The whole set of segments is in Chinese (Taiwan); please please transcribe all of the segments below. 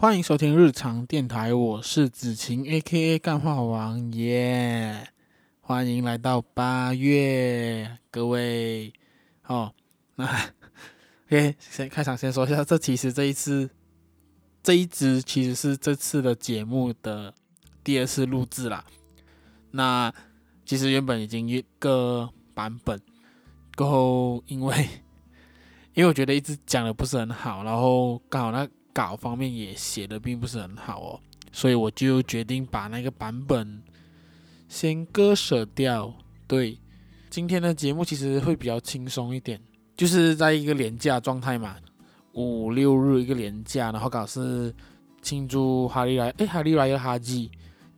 歡迎收聽日常電台，我是子晴 （A.K.A. 幹話王）。耶，歡迎來到八月，各位。哦，那 OK，先開場先說一下，這其實這一次，這一支其實是這次的節目的第二次錄製啦，那其實原本已經一個版本，過後因為因為我覺得一直講得不是很好，然後剛好那。稿方面也寫的並不是很好哦，所以我就決定把那個版本先割捨掉。對，今天的節目其實會比較輕鬆一點，就是在一個連假狀態嘛，五六日一個連假，然後搞是慶祝哈利來，誒，哈利來要哈基。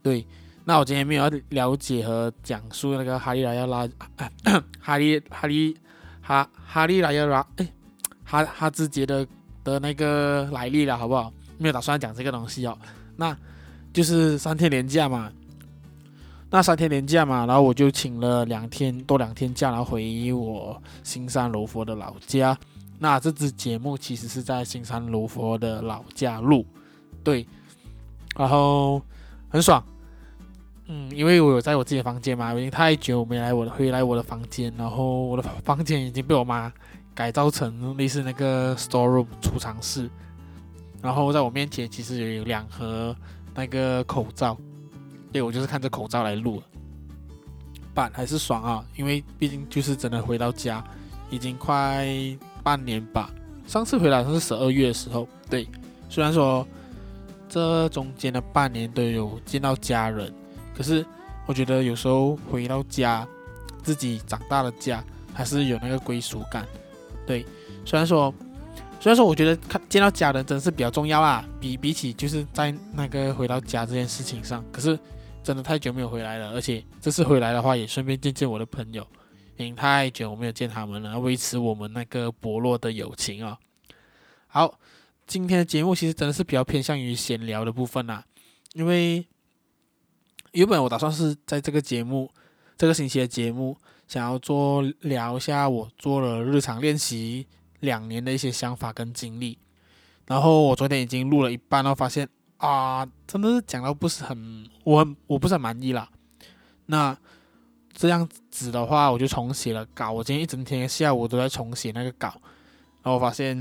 對，那我今天沒有了解和講述那個哈利來要拉、啊，哈利哈利哈哈利來要拉，誒，哈哈茲傑的，的那個來歷了，好不好？沒有打算講這個東西哦。那，就是三天連假嘛，那三天連假嘛，然後我就請了兩天多兩天假，然後回我新山柔佛的老家。那這支節目其實是在新山柔佛的老家錄，對，然後很爽，嗯，因為我有在我自己的房間嘛，因為太久沒來我回來我的房間，然後我的房間已經被我媽。改造成類似那個 storeroom（ 儲藏室），然後在我面前其實也有兩盒那個口罩。對，我就是看這口罩來錄了。But, 還是爽啊，因為畢竟就是真的回到家，已經快半年吧。上次回來好像是十二月的時候。對，雖然說這中間的半年都有見到家人，可是我覺得有時候回到家，自己長大的家還是有那個歸屬感。對，雖然說，雖然說，我覺得看見到家人真的是比較重要啊，比比起就是在那個回到家這件事情上，可是真的太久沒有回來了，而且這次回來的話，也順便見見我的朋友，因為太久我沒有見他們了，維持我們那個薄弱的友情啊，哦。好，今天的節目其實真的是比較偏向於閒聊的部分啦，因為原本我打算是在這個節目，這個星期的節目。想要做聊一下，我做了日常練習兩年的一些想法跟經歷。然後我昨天已經錄了一半，然後發現啊，真的是講到不是很我很我不是很滿意啦。那這樣子的話，我就重寫了稿。我今天一整天下午都在重寫那個稿，然後發現，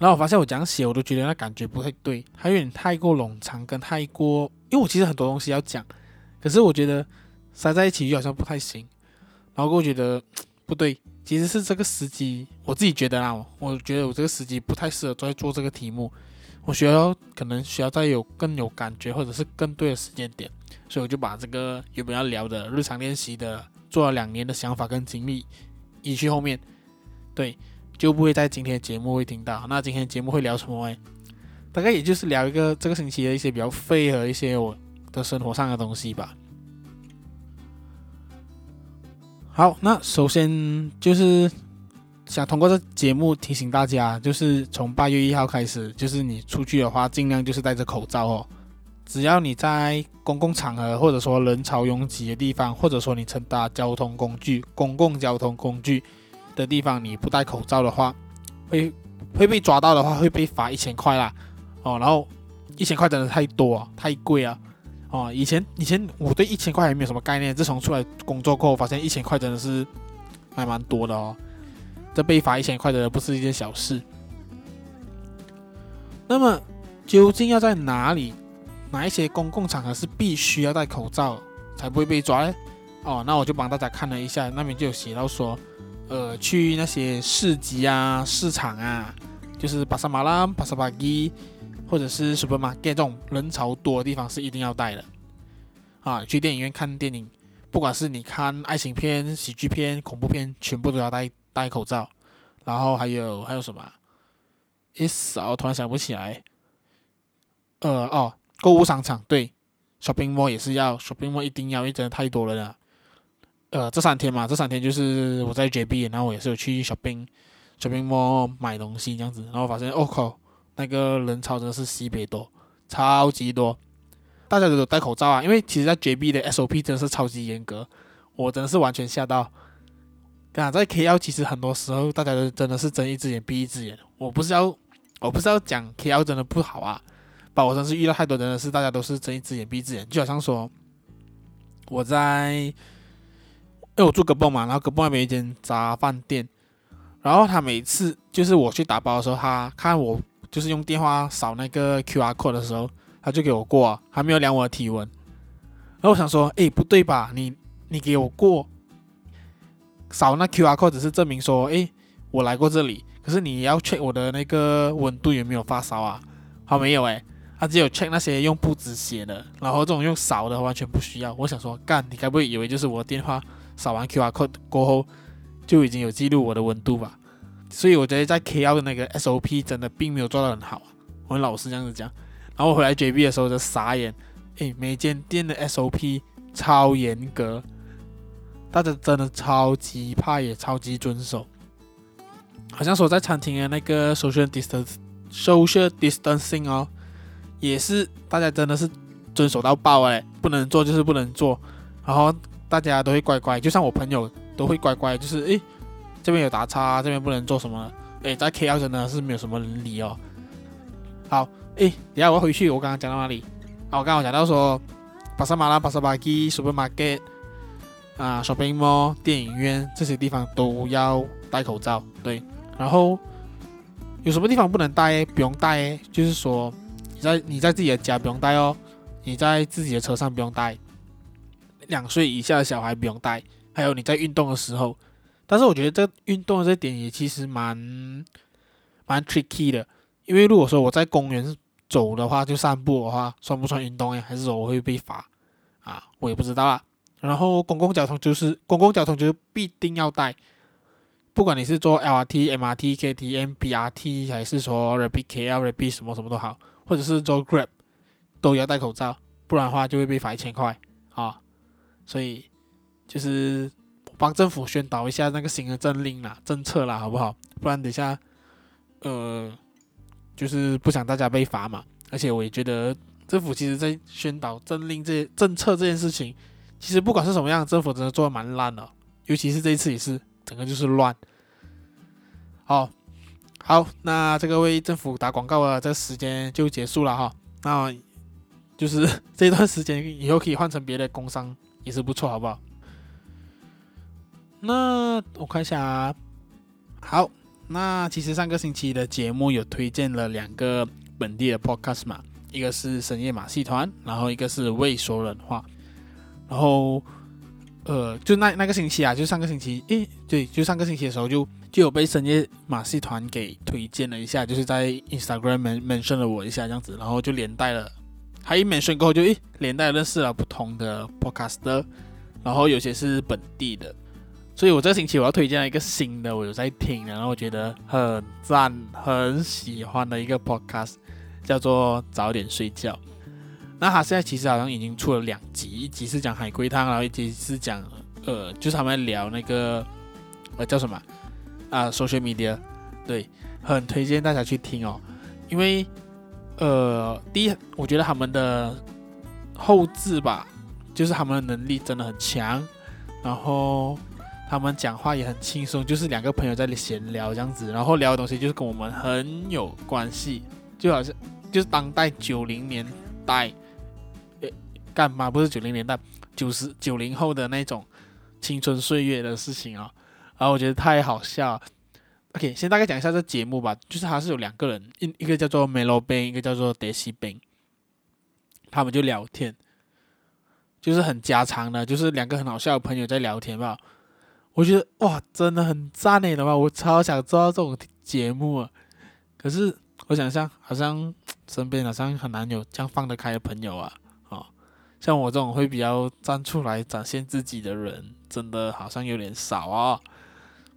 然後我發現我這樣寫，我都覺得那感覺不太對，還有點太過冗長跟太過，因為我其實很多東西要講，可是我覺得塞在一起又好像不太行。然後我覺得不對，其實是這個時機，我自己覺得啊，我覺得我這個時機不太適合再做這個題目，我需要可能需要再有更有感覺或者是更對的時間點，所以我就把這個原本要聊的日常練習的做了兩年的想法跟經歷移去後面，對，就不會在今天的節目會聽到。那今天的節目會聊什麼？哎，大概也就是聊一個這個星期的一些比較廢和一些我的生活上的東西吧。好，那首先就是想通過這節目提醒大家，就是從八月一號開始，就是你出去的話，盡量就是戴着口罩哦。只要你在公共場合，或者說人潮擁擠的地方，或者說你乘搭交通工具、公共交通工具的地方，你不戴口罩的話，會會被抓到的話，會被罰一千塊啦。哦，然後一千塊真的太多啊，太貴啊。哦，以前以前我對一千塊也沒有什麼概念，自從出來工作過後，我發現一千塊真的是還蠻多的哦。這被罰一千塊的不是一件小事。那麼，究竟要在哪裡，哪一些公共場合是必須要戴口罩才不會被抓嘞？哦，那我就幫大家看了一下，那邊就有寫到說，呃，去那些市集啊、市場啊，就是巴剎馬蘭、巴剎巴基或者是 supermarket，這種人潮多的地方是一定要戴的，啊，去電影院看電影，不管是你看愛情片、喜劇片、恐怖片，全部都要戴戴口罩。然後還有還有什麼？一掃突然想不起來。呃哦，購物商場對，shopping mall 也是要，shopping mall 一定要，因為真的太多了啦。呃，這三天嘛，這三天就是我在 JB，然後我也是有去 shopping shopping mall 買東西這樣子，然後發現，哦靠。那個人潮真的是西北多，超級多，大家都有戴口罩啊！因為其實在 JB 的 SOP 真的是超級嚴格，我真的是完全嚇到。啊，在 KL 其實很多時候大家都真的是睜一隻眼閉一隻眼。我不是要我不是要講 KL 真的不好啊，把我真是遇到太多人的是大家都是睜一隻眼閉一隻眼。就好像說我在，因為我住隔壁嘛，然後隔壁外有一間雜飯店，然後他每次就是我去打包的時候，他看我。就是用電話掃那個 QR code 的時候，他就給我過，還沒有量我的體溫。然後我想說，哎，不對吧？你你給我過，掃那 QR code 只是證明說，哎，我來過這裡。可是你要 check 我的那個溫度有沒有發燒啊？他沒有哎，他只有 check 那些用簿子寫的，然後這種用掃的話完全不需要。我想說，幹，你該不會以為就是我的電話掃完 QR code 過後就已經有記錄我的溫度吧？所以我覺得在 K L 的那個 S O P 真的並沒有做到很好啊，我們老師這樣子講，然後我回來 J B 的時候就傻眼，誒，每間店的 S O P 超嚴格，大家真的超級怕也超級遵守，好像說在餐廳的那個 social distance social distancing 哦，也是大家真的是遵守到爆誒，不能做就是不能做，然後大家都會乖乖，就像我朋友都會乖乖，就是誒。這邊有打叉、啊，這邊不能做什麼。誒，在 KL 真的是沒有什麼人理哦。好，誒，等下我要回去，我剛剛講到哪裡？哦、啊，我剛剛講到說，巴薩馬拉、巴薩巴基、Supermarket 啊、呃、shopping mall、電影院這些地方都要戴口罩，對。然後有什麼地方不能戴？不用戴，就是說你在你在自己的家不用戴哦，你在自己的車上不用戴，兩歲以下的小孩不用戴，還有你在運動的時候。但是我覺得這運動的這點也其實蠻蠻 tricky 的，因為如果說我在公園走的話，就散步的話，算不算運動呀？還是說我會被罰？啊，我也不知道啊。然後公共交通就是公共交通就是必定要戴，不管你是坐 LRT、MRT、KTM、BRT 還是說 Rapid KL Rapid 什麼什麼都好，或者是坐 Grab 都要戴口罩，不然的話就會被罰一千塊啊。所以就是。幫政府宣導一下那個新的政令啦、政策啦，好不好？不然等一下，呃，就是不想大家被罰嘛。而且我也覺得，政府其實在宣導政令這政策這件事情，其實不管是什麼樣，政府真的做的蠻爛的、哦。尤其是這一次也是，整個就是亂。好、哦，好，那這個為政府打廣告啊，這時間就結束了哈、哦。那就是這段時間以後可以換成別的工商，也是不錯，好不好？那我看一下啊，好，那其實上個星期的節目有推薦了兩個本地的 podcast 嘛，一個是《深夜馬戲團》，然後一個是《未說人話》，然後呃，就那那個星期啊，就上個星期，誒，對，就上個星期的時候就就有被《深夜馬戲團》給推薦了一下，就是在 Instagram mention 了我一下這樣子，然後就連帶了，還一 mention 過後就，就誒，連帶認識了不同的 podcaster，然後有些是本地的。所以，我這星期我要推薦一個新的，我有在聽，然後我覺得很讚，很喜歡的一個 podcast，叫做《早點睡覺》。那它現在其實好像已經出了兩集，一集是講海龜湯，然後一集是講呃，就是他們在聊那個呃叫什麼啊？呃、social media。對，很推薦大家去聽哦。因為呃，第一，我覺得他們的後製吧，就是他們的能力真的很強，然後。他們講話也很輕鬆，就是兩個朋友在裡閒聊這樣子，然後聊的東西就是跟我們很有關係，就好像就是當代九零年代，誒，幹嘛不是九零年代？九十九零後的那種青春歲月的事情、哦、啊。然後我覺得太好笑了。OK，先大概講一下這節目吧，就是他是有兩個人，一一個叫做梅洛賓，一個叫做德西賓，他們就聊天，就是很家常的，就是兩個很好笑的朋友在聊天吧。我覺得哇，真的很讚哎，的話我超想做到這種節目啊。可是我想一下，好像身邊好像很難有這樣放得開的朋友啊。哦，像我這種會比較站出來展現自己的人，真的好像有點少啊、哦。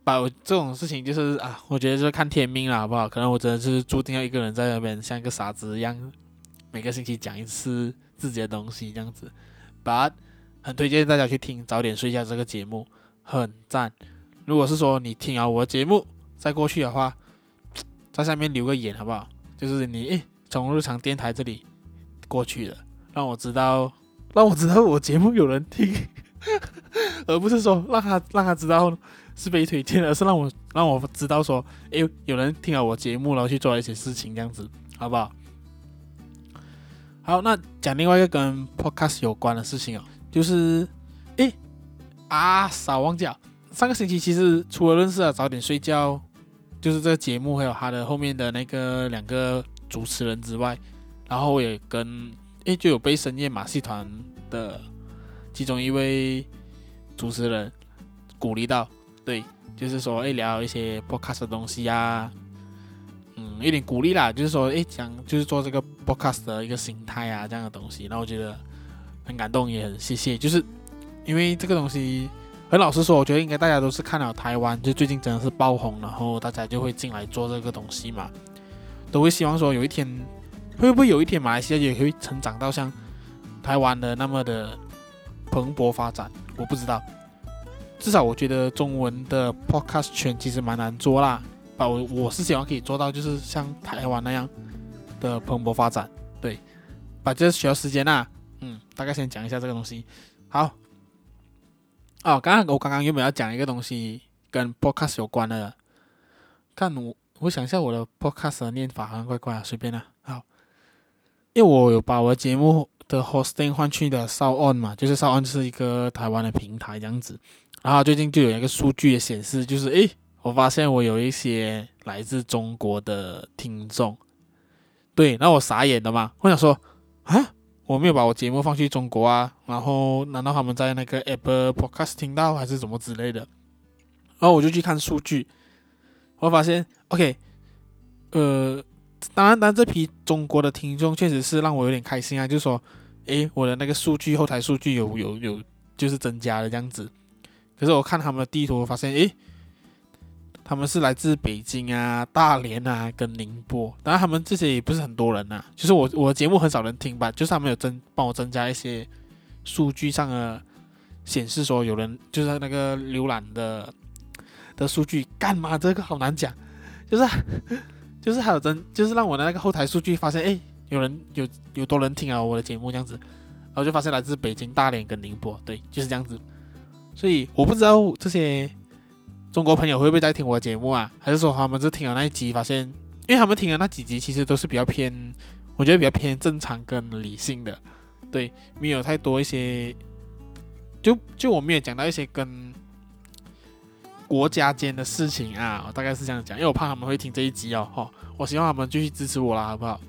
把這種事情就是啊，我覺得就看天命了，好不好？可能我真的是注定要一個人在那邊像一個傻子一樣，每個星期講一次自己的東西這樣子。But 很推薦大家去聽，早點睡覺這個節目。很讚！如果是說你聽了我的節目再過去的話，在下面留個言好不好？就是你誒，從日常電台這裡過去了，讓我知道，讓我知道我節目有人聽，而不是說讓他讓他知道是被推薦，而是讓我讓我知道說誒，有人聽了我節目然後去做一些事情這樣子，好不好？好，那講另外一個跟 podcast 有關的事情哦，就是。啊，少忘記了，上個星期其實除了認識啊，早點睡覺，就是這個節目，還有他的後面的那個兩個主持人之外，然後也跟誒，就有被深夜馬戲團的其中一位主持人鼓勵到，對，就是說誒，聊一些 podcast 的東西啊，嗯，有點鼓勵啦，就是說誒，講就是做這個 podcast 的一個心態啊，這樣的東西，那我覺得很感動，也很謝謝，就是。因為這個東西，很老實說，我覺得應該大家都是看到台灣就最近真的是爆紅，然後大家就會進來做這個東西嘛，都會希望說有一天，會不會有一天馬來西亞也可以成長到像台灣的那麼的蓬勃發展？我不知道，至少我覺得中文的 podcast 圈其實蠻難做啦，把我我是希望可以做到就是像台灣那樣的蓬勃發展，對，把這是需要時間吶、啊，嗯，大概先講一下這個東西，好。哦，剛剛我剛剛原本要講一個東西跟 podcast 有關的，看我我想一下我的 podcast 的念法好像怪怪啊，隨便啦、啊，好，因為我有把我節目的 hosting 換去的 SoundOn 嘛，就是 SoundOn 是一個台灣的平台這樣子，然後最近就有一個數據的顯示，就是誒，我發現我有一些來自中國的聽眾，對，那我傻眼了嘛，我想說啊。我沒有把我節目放去中國啊，然後難道他們在那個 Apple Podcast 聽到還是什麼之類的？然後我就去看數據，我發現 OK，呃，當然，當然這批中國的聽眾確實是讓我有點開心啊，就是說，哎，我的那個數據後台數據有有有就是增加了這樣子。可是我看他們的地圖，我發現，哎。他們是來自北京啊、大連啊跟寧波，當然他們這些也不是很多人吶、啊，就是我我的節目很少人聽吧，就是他們有增幫我增加一些數據上的顯示，說有人就是那個瀏覽的的數據幹嘛？這個好難講，就是、啊、就是還有增，就是讓我的那個後台數據發現，哎，有人有有多人聽啊我的節目這樣子，然後就發現來自北京、大連跟寧波，對，就是這樣子，所以我不知道這些。中國朋友會不會在聽我的節目啊？還是說他們只聽了那一集，發現？因為他們聽了那幾集，其實都是比較偏，我覺得比較偏正常跟理性的，對，沒有太多一些，就就我沒有講到一些跟國家間的事情啊。我大概是這樣講，因為我怕他們會聽這一集哦。哦，我希望他們繼續支持我啦，好不好？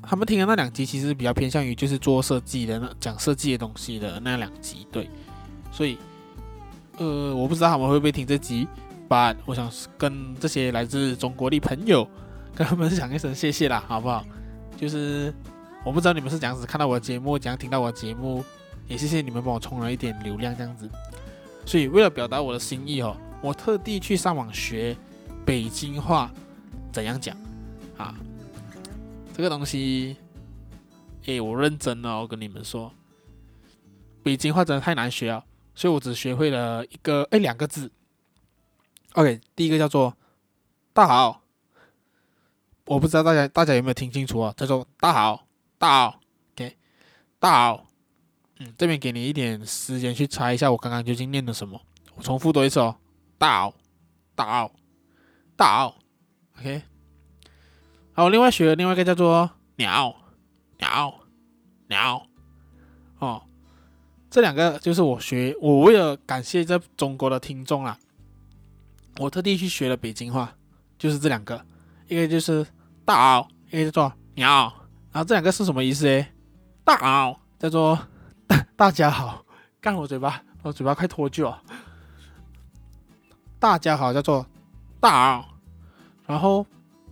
他們聽了那兩集，其實比較偏向於就是做設計的那講設計的東西的那兩集，對，所以。呃，我不知道他們會不會聽這集，但我想跟這些來自中國的朋友，跟他們講一聲謝謝啦，好不好？就是我不知道你們是怎樣子看到我的節目，怎樣聽到我的節目，也謝謝你們幫我充了一點流量這樣子。所以為了表達我的心意哦，我特地去上網學北京話怎樣講啊。這個東西，誒，我認真了，我跟你們說，北京話真的太難學了。所以我只學會了一個，哎，兩個字。OK，第一個叫做“大好”，我不知道大家大家有沒有聽清楚啊？叫做“大好，大好，OK，大好”。嗯，這邊給你一點時間去猜一下，我剛剛究竟念的什麼？我重複多一次哦，“大好，大好，大好 ”，OK。好，我另外學了另外一個叫做“鳥，鳥，鳥”，哦。這兩個就是我學，我為了感謝在中國的聽眾啊，我特地去學了北京話，就是這兩個，一個就是“大嗷好”，一個叫做“鳥好”。然後這兩個是什麼意思呢？“大嗷好”叫做“大家好”，幹我嘴巴，我嘴巴快脫臼了，了。大家好叫做“大嗷好”，然後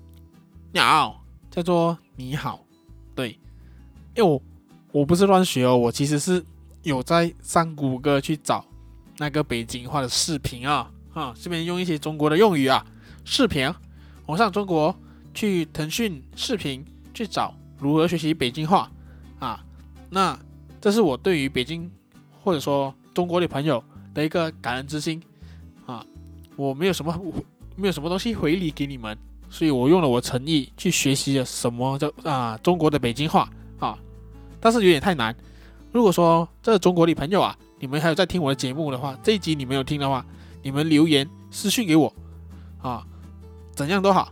“鳥”叫做“你好”，你好。對，因為我我不是亂學哦，我其實是。有在上谷歌，去找那個北京話的視頻啊，啊，順便用一些中國的用語啊，視頻，我上中國去騰訊視頻去找如何學習北京話啊，那這是我對於北京或者說中國的朋友的一個感恩之心啊，我沒有什麼我沒有什麼東西回禮給你們，所以我用了我誠意去學習了什麼叫啊中國的北京話啊，但是有點太難。如果說這個中國的朋友啊，你們還有在聽我的節目的話，這一集你們有聽的話，你們留言私信給我，啊，怎樣都好，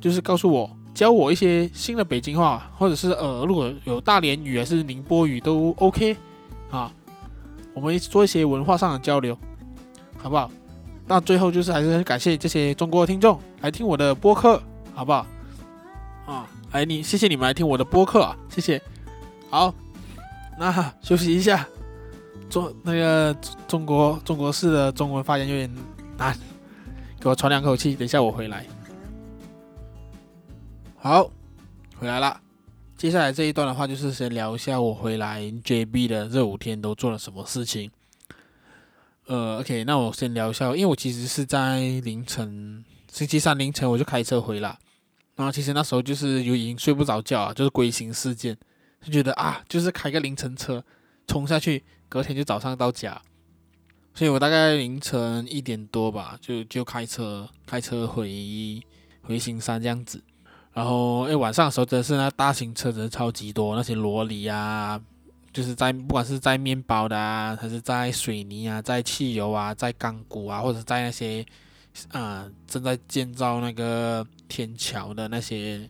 就是告訴我，教我一些新的北京話，或者是呃，如果有大連語還是寧波語都 OK，啊，我們一起做一些文化上的交流，好不好？那最後就是還是很感謝這些中國的聽眾來聽我的播客，好不好？啊，哎，你謝謝你們來聽我的播客啊，謝謝，好。那、啊、休息一下，中那個中,中國中國式的中文發言有點難，給我喘兩口氣。等一下我回來，好，回來了。接下來這一段的話，就是先聊一下我回來 JB 的這五天都做了什麼事情。呃，OK，那我先聊一下，因為我其實是在凌晨星期三凌晨我就開車回了，然後其實那時候就是有已經睡不着覺啊，就是歸心似箭。就覺得啊，就是開個凌晨車衝下去，隔天就早上到家。所以我大概凌晨一點多吧，就就開車開車回回新山這樣子。然後哎，晚上的時候真的是那大型車子超級多，那些羅里啊，就是在不管是載麵包的啊，還是載水泥啊，載汽油啊，載鋼骨啊，或者載那些啊、呃、正在建造那個天橋的那些。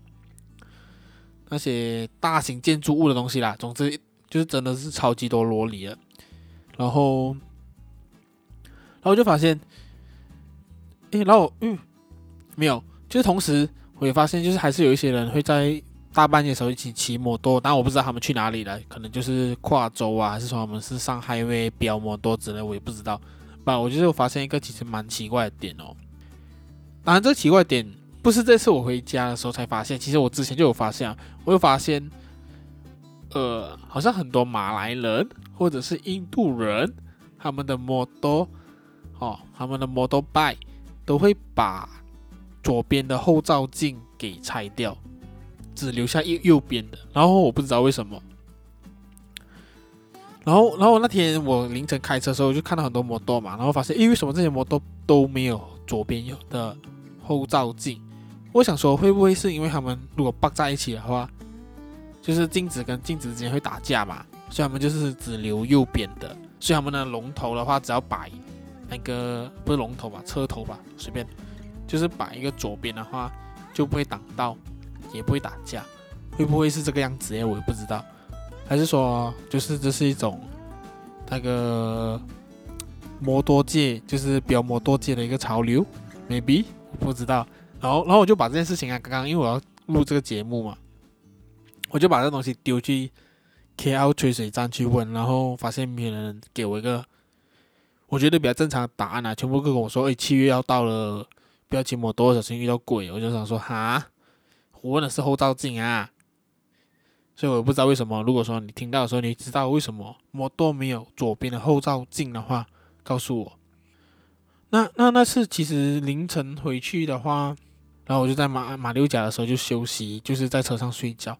那些大型建築物的東西啦，總之就是真的是超級多蘿莉了。然後，然後我就發現，哎，然後嗯，沒有，就是同時我也發現，就是還是有一些人會在大半夜的時候一起騎摩托，當然我不知道他們去哪裡了，可能就是跨州啊，還是說他們是上 highway 飆摩托之類的，我也不知道。那我就是發現一個其實蠻奇怪的點哦，當然這個奇怪的點。不是這次我回家的時候才發現，其實我之前就有發現，我有發現，呃，好像很多馬來人或者是印度人，他們的摩托哦，他們的摩托 bike 都會把左邊的後照鏡給拆掉，只留下右右邊的。然後我不知道為什麼。然後然後那天我凌晨開車的時候，我就看到很多摩托嘛，然後發現欸，為什麼這些摩托都沒有左邊有的後照鏡？我想說，會不會是因為他們如果綁在一起的話，就是鏡子跟鏡子之間會打架嘛，所以他們就是只留右邊的。所以他們的龍頭的話，只要擺那個不是龍頭吧，車頭吧，隨便，就是擺一個左邊的話，就不會擋到，也不會打架。會不會是這個樣子耶？我也不知道。還是說，就是這是一種那個摩托界，就是飆摩托界的一個潮流？Maybe 我不知道。然後，然後我就把這件事情啊，剛剛因為我要錄這個節目嘛，我就把這東西丟去 K L 吹水站去問，然後發現沒有人給我一個我覺得比較正常的答案啊，全部都跟我說：“哎，七月要到了，不要騎摩托，小心遇到鬼。”我就想說：“哈，我問的是後照鏡啊，所以我不知道為什麼。如果說你聽到的時候，你知道為什麼摩托沒有左邊的後照鏡的話，告訴我。那、那、那是其實凌晨回去的話。”然後我就在馬馬六甲的時候就休息，就是在車上睡覺。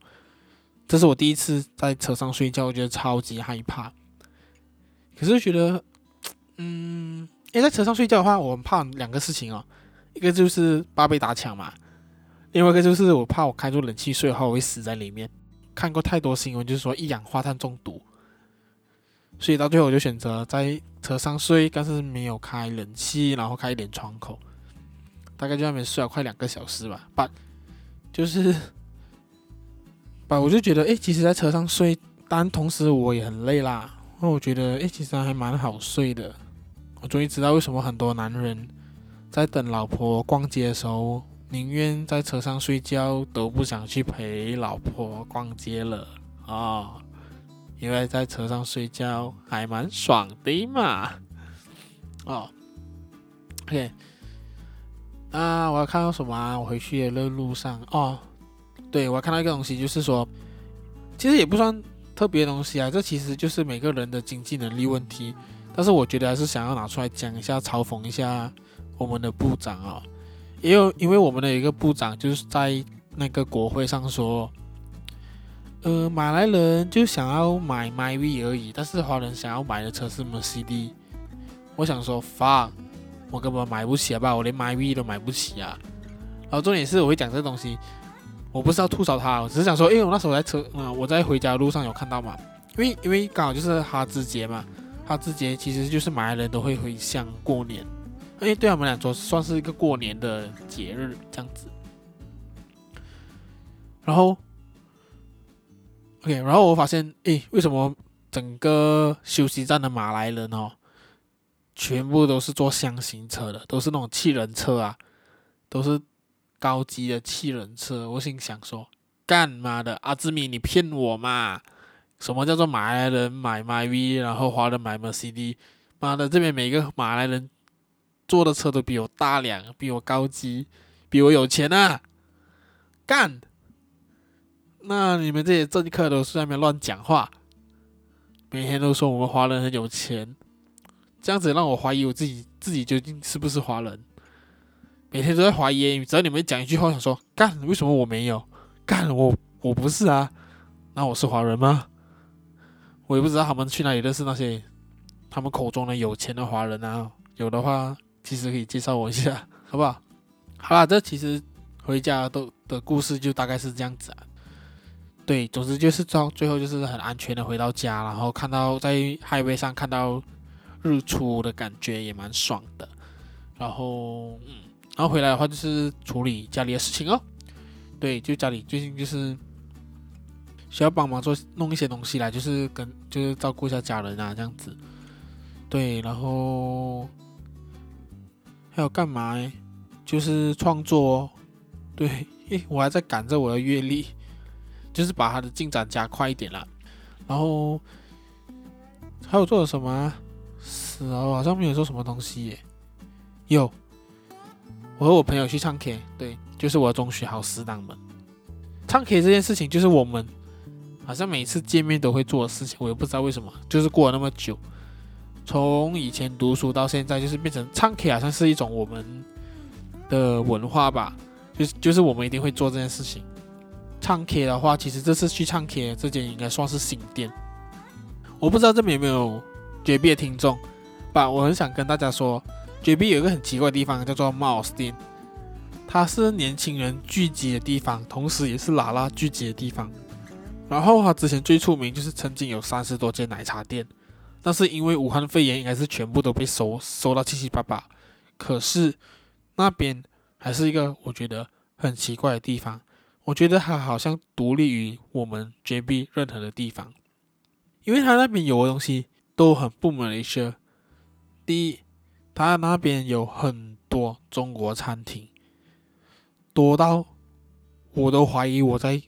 這是我第一次在車上睡覺，我覺得超級害怕。可是覺得，嗯，哎，在車上睡覺的話，我很怕兩個事情哦，一個就是怕被打搶嘛，另外一個就是我怕我開住冷氣睡的話，我會死在裡面。看過太多新聞，就是說一氧化碳中毒，所以到最後我就選擇在車上睡，但是沒有開冷氣，然後開一點窗口。大概在外面睡了快兩個小時吧，But 就是，把我就覺得，誒，其實在車上睡，但同時我也很累啦。那、哦、我覺得，誒，其實還蠻好睡的。我終於知道為什麼很多男人在等老婆逛街的時候，寧願在車上睡覺都不想去陪老婆逛街了啊、哦，因為在車上睡覺還蠻爽的嘛。 哦，OK。啊！我要看到什麼啊？我回去的那路上哦，對我要看到一個東西，就是說，其實也不算特別的東西啊。這其實就是每個人的經濟能力問題。但是我覺得還是想要拿出來講一下，嘲諷一下我們的部長啊。也有，因為因為我們的一個部長就是在那個國會上說，呃，馬來人就想要買 Myvi 而已，但是華人想要買的車是 Mercedes。我想說 fuck。我根本買不起吧，我連買 V 都買不起啊！然後重點是，我會講這東西，我不是要吐槽他，我只是想說，因為我那時候在車，嗯、呃，我在回家的路上有看到嘛，因為因為剛好就是哈之節嘛，哈之節其實就是馬來人都會回鄉過年，因為對他、啊、們來說算是一個過年的節日這樣子。然後，OK，然後我發現，誒，為什麼整個休息站的馬來人哦？全部都是坐箱型車的，都是那種七人車啊，都是高級的七人車。我心裡想說，乾媽的，阿茲米，你騙我嘛？什麼叫做馬來人買 Myvi，然後華人買 Mercedes？媽的，這邊每個馬來人坐的車都比我大兩，比我高級，比我有錢啊！幹，那你們這些政客都是在那邊亂講話，每天都說我們華人很有錢。這樣子讓我懷疑我自己，自己究竟是不是華人？每天都在懷疑。只要你們講一句話，我想說幹？為什麼我沒有幹？我我不是啊？那我是華人嗎？我也不知道他們去哪裡都是那些他們口中的有錢的華人啊？有的話，其實可以介紹我一下，好不好？好啦，這其實回家的都的故事就大概是這樣子啊。對，總之就是到最後就是很安全的回到家，然後看到在 highway 上看到。日出的感覺也蠻爽的，然後，嗯，然後回來的話就是處理家裡的事情哦。對，就家裡最近就是需要幫忙做弄一些東西來，就是跟就是照顧一下家人啊這樣子。對，然後還有幹嘛？就是創作。對，誒，我還在趕着我的月曆，就是把它的進展加快一點啦。然後還有做了什麼？是哦，我好像沒有說什麼東西耶。有，我和我朋友去唱 K，對，就是我的中學好死黨們。唱 K 這件事情，就是我們好像每次見面都會做的事情。我也不知道為什麼，就是過了那麼久，從以前讀書到現在，就是變成唱 K，好像是一種我們的文化吧。就是就是我們一定會做這件事情。唱 K 的話，其實這次去唱 K，這間應該算是新店。我不知道這邊有沒有。絕壁的聽眾吧，我很想跟大家說，絕壁有一個很奇怪的地方叫做 Mount Austin，它是年輕人聚集的地方，同時也是喇喇聚集的地方。然後它之前最出名就是曾經有三十多間奶茶店，但是因為武漢肺炎，應該是全部都被收收到七七八八。可是那邊還是一個我覺得很奇怪的地方，我覺得它好像獨立於我們絕壁任何的地方，因為它那邊有的東西。都很不馬來西亞。第一，他那邊有很多中國餐廳，多到我都懷疑我在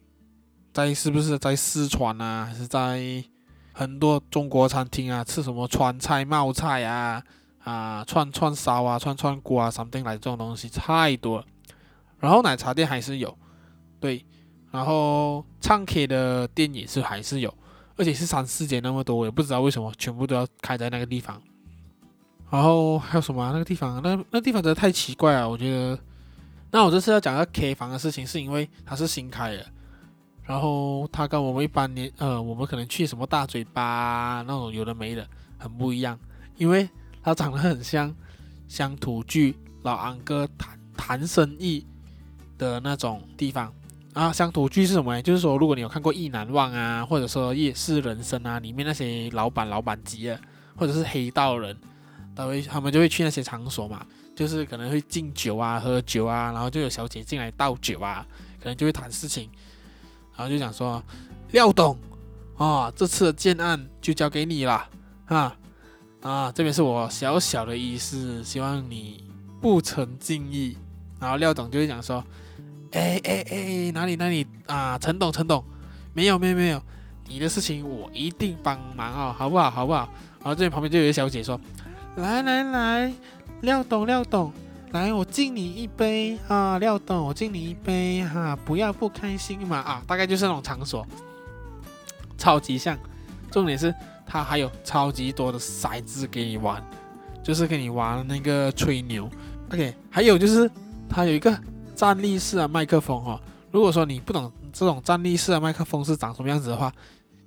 在是不是在四川啊，還是在很多中國餐廳啊，吃什麼川菜、冒菜啊、啊串串燒啊、串串鍋啊，something 來這種東西太多了。然後奶茶店還是有，對，然後唱 K 的店也是還是有。而且是三四間那麼多，我也不知道為什麼全部都要開在那個地方。然後還有什麼那個地方？那那個地方真的太奇怪了，我覺得。那我這次要講個 K 房的事情，是因為它是新開的，然後它跟我們一般年呃，我們可能去什麼大嘴巴那種有的沒的很不一樣，因為它長得很像鄉土劇老安哥談談生意的那種地方。啊，鄉土劇是什麼呢？就是說，如果你有看過《意難忘》啊，或者說《夜市人生》啊，裡面那些老闆、老闆級的，或者是黑道人，他會他們就會去那些場所嘛，就是可能會敬酒啊、喝酒啊，然後就有小姐進來倒酒啊，可能就會談事情，然後就講說，廖董啊，哦，這次的建案就交給你了，啊啊，這邊是我小小的意思，希望你不成敬意，然後廖董就會講說。哎哎哎，哪裡哪裡啊，陳董陳董，沒有沒有沒有，你的事情我一定幫忙啊、哦，好不好好不好？然後這邊旁邊就有一個小姐說，來來來，廖董廖董，來我敬你一杯啊，廖董我敬你一杯哈、啊，不要不開心嘛啊，大概就是那種場所，超級像，重點是它還有超級多的骰子給你玩，就是給你玩那個吹牛。OK，還有就是它有一個。站立式的麥克風哦。如果說你不懂這種站立式的麥克風是長什麼樣子的話，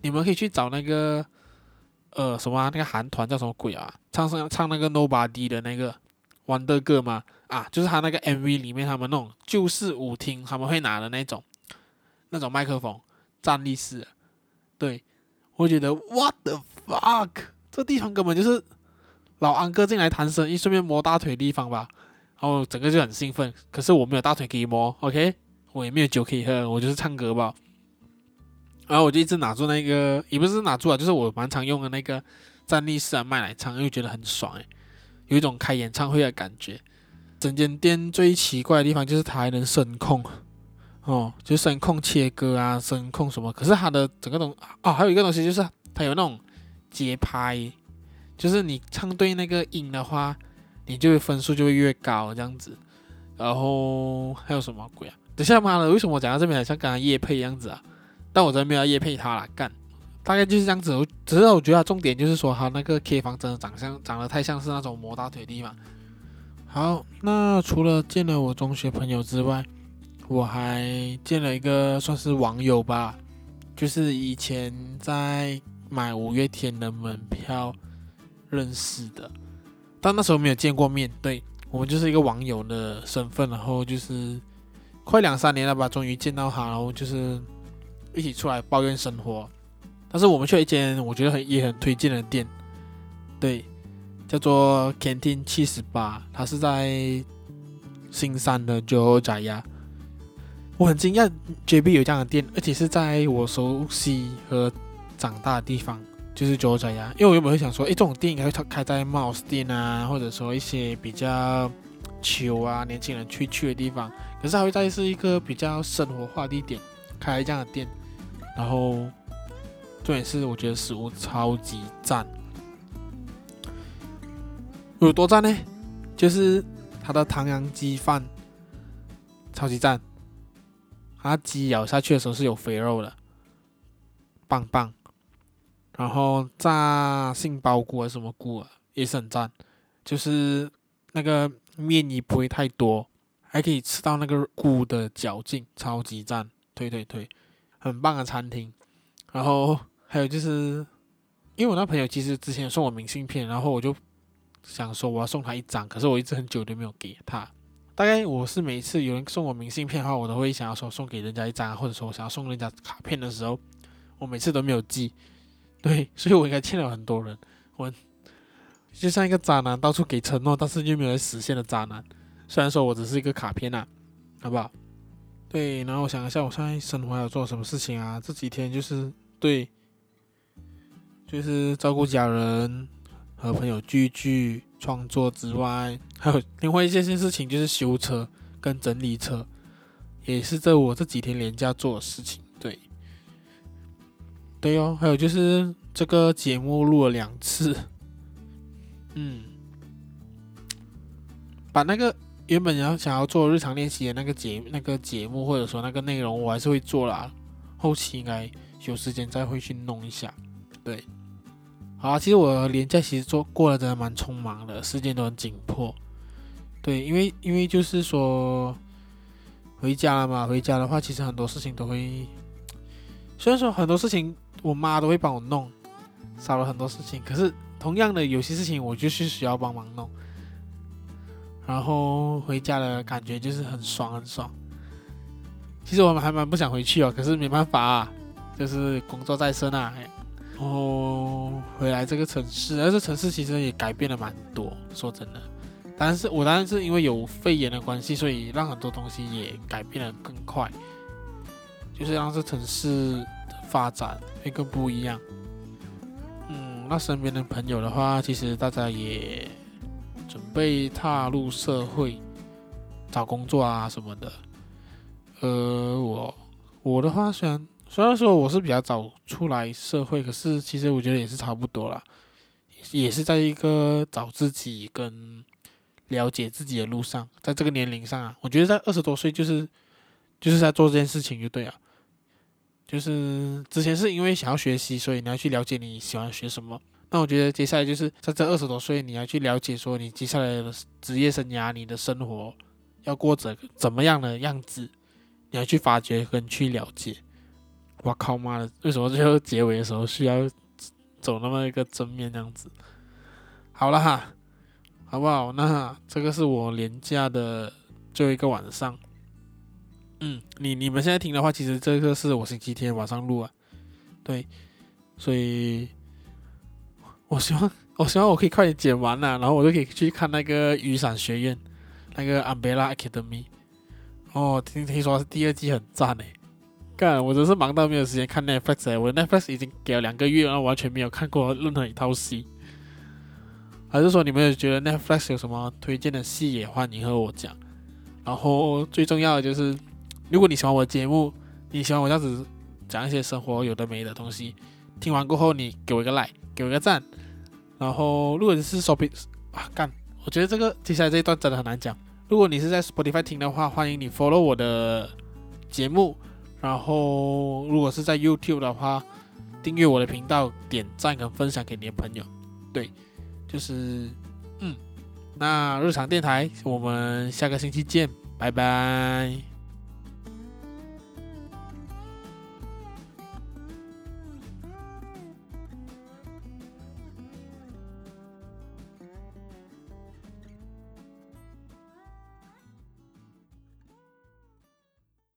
你們可以去找那個呃什麼、啊、那個韓團叫什麼鬼啊，唱唱那個 Nobody 的那個 Wonder 哥嗎？啊，就是他那個 MV 裡面他們弄就是舞廳他們會拿的那種那種麥克風，站立式對，我覺得 What the fuck，這地方根本就是老安哥進來談生意，順便摸大腿的地方吧。然後整個就很興奮，可是我沒有大腿可以摸，OK？我也沒有酒可以喝，我就是唱歌吧。然後我就一直拿住那個，也不是拿住啊，就是我蠻常用的那個站立式麥來唱，因為覺得很爽誒,有一種開演唱會的感覺。整間店最奇怪的地方就是它還能聲控，哦，就是聲控切歌啊，聲控什麼。可是它的整個東哦，還有一個東西就是它有那種節拍，就是你唱對那個音的話。你就會分數就會越高這樣子，然後還有什麼鬼啊？等下媽的，為什麼我講到這邊好像剛剛業配一樣子啊？但我真的沒有要業配他啦幹，大概就是這樣子。只是我覺得重點就是說他那個 K 房真的長相長得太像是那種摸大腿的地方嘛。好，那除了見了我中學朋友之外，我還見了一個算是網友吧，就是以前在買五月天的門票認識的。但那時候沒有見過面，對，我們就是一個網友的身份，然後就是快兩三年了吧，終於見到他，然後就是一起出來抱怨生活。但是我們去了一間我覺得很也很推薦的店，對，叫做 Cantin 七十八，它是在新山的九甲呀。我很驚訝，JB 有這樣的店，而且是在我熟悉和長大的地方。就是九仔呀，因為我原本會想說，誒，這種店應該會開在 mouse 店啊，或者說一些比較、啊，潮啊年輕人去去的地方，可是它會在是一個比較生活化地點開這樣的店，然後重點是我覺得食物超級讚，有多讚呢？就是它的唐揚雞飯超級讚，它雞咬下去的時候是有肥肉的，棒棒。然後炸杏鮑菇還是什麼菇啊，也是很贊，就是那個麵衣不會太多，還可以吃到那個菇的嚼勁，超級贊，推推推，很棒的餐廳。然後還有就是，因為我那朋友其實之前送我明信片，然後我就想說我要送他一張，可是我一直很久都沒有給他。大概我是每一次有人送我明信片的話，我都會想要說送給人家一張，或者說想要送人家卡片的時候，我每次都沒有寄。對，所以我應該欠了很多人。我就像一個渣男，到處給承諾，但是又沒有實現的渣男。雖然說我只是一個卡片啊，好不好？對，然後我想一下，我現在生活還有做什麼事情啊？這幾天就是對，就是照顧家人和朋友聚聚、創作之外，還有另外一件事情就是修車跟整理車，也是在我這幾天連假做的事情。對哦，還有就是這個節目錄了兩次，嗯，把那個原本要想要做日常練習的那個節那個節目或者說那個內容，我還是會做啦。後期應該有時間再會去弄一下，對。好啊，其實我連假期實連假其實做過得真的蠻匆忙的，時間都很緊迫。對，因為因為就是說回家了嘛，回家的話，其實很多事情都會，雖然說很多事情。我媽都會幫我弄，少了很多事情。可是同樣的，有些事情我就是需要幫忙弄。然後回家的感覺就是很爽，很爽。其實我們還蠻不想回去哦，可是沒辦法，啊，就是工作在身啊。然後回來這個城市，而這城市其實也改變了蠻多。說真的，當然是我當然是因為有肺炎的關係，所以讓很多東西也改變的更快。就是讓這城市。發展會更不一樣，嗯，那身邊的朋友的話，其實大家也準備踏入社會，找工作啊什麼的。呃，我我的話，雖然雖然說我是比較早出來社會，可是其實我覺得也是差不多啦，也是在一個找自己跟了解自己的路上。在這個年齡上啊，我覺得在二十多歲就是就是在做這件事情就對了、啊。就是之前是因為想要學習，所以你要去了解你喜歡學什麼。那我覺得接下來就是在這二十多歲，你要去了解說你接下來的職業生涯，你的生活要過着怎麼樣的樣子，你要去發掘跟去了解。我靠媽的，為什麼最後結尾的時候需要走那麼一個正面這樣子？好了哈，好不好？那這個是我連假的最後一個晚上。嗯，你你們現在聽的話，其實這個是我星期天晚上錄啊，對，所以，我希望我希望我可以快點剪完啦，啊，然後我就可以去看那個《雨傘學院》那個 Umbrella Academy 哦，聽聽說是第二季很讚誒，幹，我真是忙到沒有時間看 Netflix，我的 Netflix 已經給了兩個月，然後完全沒有看過任何一套戲，還是說你們有覺得 Netflix 有什麼推薦的戲也，也歡迎和我講，然後最重要的就是。如果你喜歡我的節目，你喜歡我這樣子講一些生活有的沒的東西，聽完過後你給我一個 like，給我一個讚。然後，如果你是 shopping 啊，幹，我覺得這個接下來這一段真的很難講。如果你是在 Spotify 聽的話，歡迎你 follow 我的節目。然後，如果是在 YouTube 的話，訂閱我的頻道，點讚跟分享給你的朋友。對，就是嗯，那日常電台，我們下個星期見，拜拜。